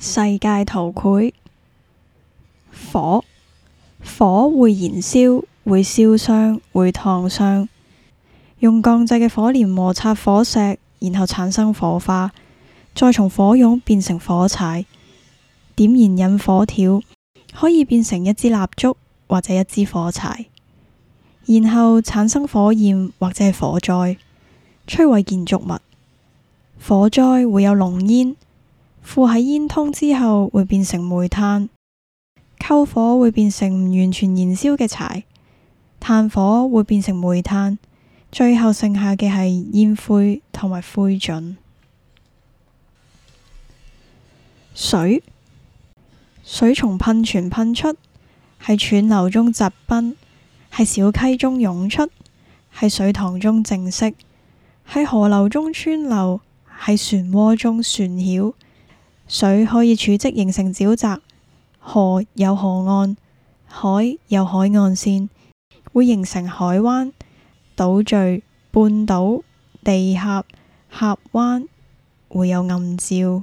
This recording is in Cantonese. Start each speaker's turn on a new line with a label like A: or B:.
A: 世界圖繪火，火會燃燒，會燒傷，會燙傷。用鋼製嘅火鐮摩擦火石，然後產生火花，再從火絨變成火柴，點燃引火條，可以變成一支蠟燭或者一支火柴，然後產生火焰或者係火災，摧毀建築物。火災會有濃煙。附喺煙囪之後會變成煤炭，篝火會變成唔完全燃燒嘅柴，炭火會變成煤炭，最後剩下嘅係煙灰同埋灰燼。水，水從噴泉噴出，喺泉流中疾奔，喺小溪中湧出，喺水塘中靜息，喺河流中穿流，喺漩渦中旋繞。水可以儲積形成沼澤，河有河岸，海有海岸線，會形成海灣、島嶼、半島、地峽、峽灣，會有暗礁。